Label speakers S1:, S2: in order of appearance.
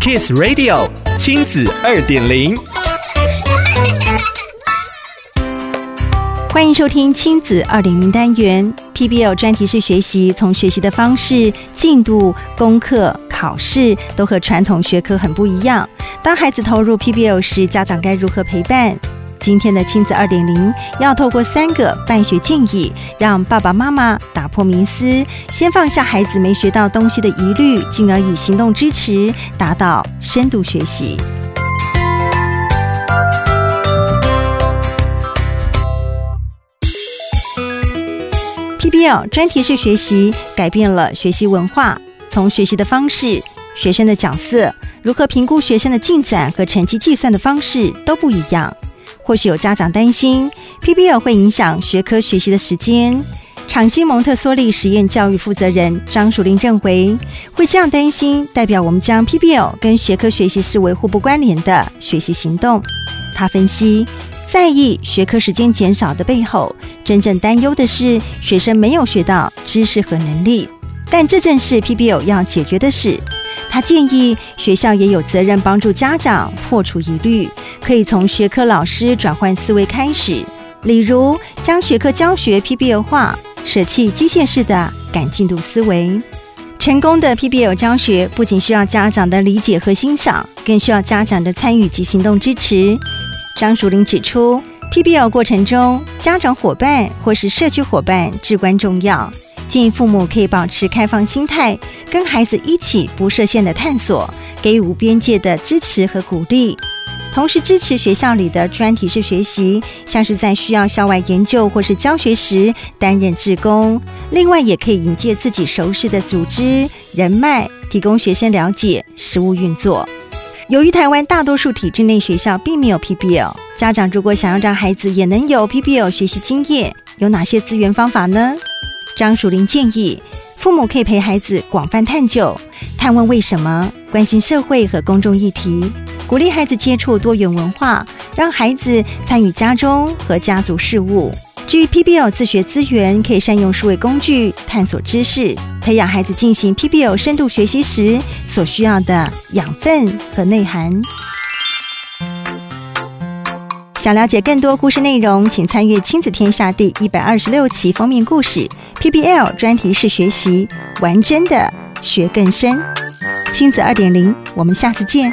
S1: Kiss Radio 親子二點零，歡迎收聽親子二點零單元 PBL 專題式學習。從學習的方式、進度、功課、考試，都和傳統學科很不一樣。當孩子投入 PBL 時，家長該如何陪伴？今天的親子二點零，要透過三個伴學建議，讓爸爸媽媽打破迷思，先放下孩子沒學到東西的疑慮，進而以行動支持，達到深度學習。PBL 專題式學習改變了學習文化，從學習的方式、學生的角色、如何評估學生的進展和成績計算的方式都不一樣。或許有家長擔心 PBL 會影響學科學習的時間。長興蒙特梭利實驗教育負責人張淑玲認為，會這樣擔心，代表我們將 PBL 跟學科學習視為互不關聯的學習行動。他分析，在意學科時間減少的背後，真正擔憂的是學生沒有學到知識和能力，但這正是 PBL 要解決的事。他建議，學校也有責任幫助家長破除疑慮，可以從學科老師轉換思維開始，例如將學科教學 PBL 化，捨棄機械式的趕進度思維。成功的 PBL 教學不僅需要家長的理解和欣賞，更需要家長的參與及行動支持。張竹林指出，PBL 過程中，家長夥伴或是社區夥伴至關重要。建議父母可以保持開放心態，跟孩子一起不設限的探索，給予無邊界的支持和鼓勵。同時支持學校裡的專題式學習，像是在需要校外研究或是教學時擔任志工。另外，也可以引介自己熟悉的組織人脈，提供學生了解實務運作。由於台灣大多數體制內學校並沒有 PBL，家長如果想要讓孩子也能有 PBL 學習經驗，有哪些資源方法呢？張淑玲建議，父母可以陪孩子廣泛探究，探問為什麼，關心社會和公眾議題，鼓勵孩子接觸多元文化，讓孩子參與家中和家族事務。至於 PBL 自學資源，可以善用數位工具探索知識，培養孩子進行 PBL 深度學習時所需要的養分和內涵。想了解更多故事內容，請參閱《親子天下》第一百二十六期封面故事 PBL 專題式學習，玩真的學更深，親子二點零，我們下次見。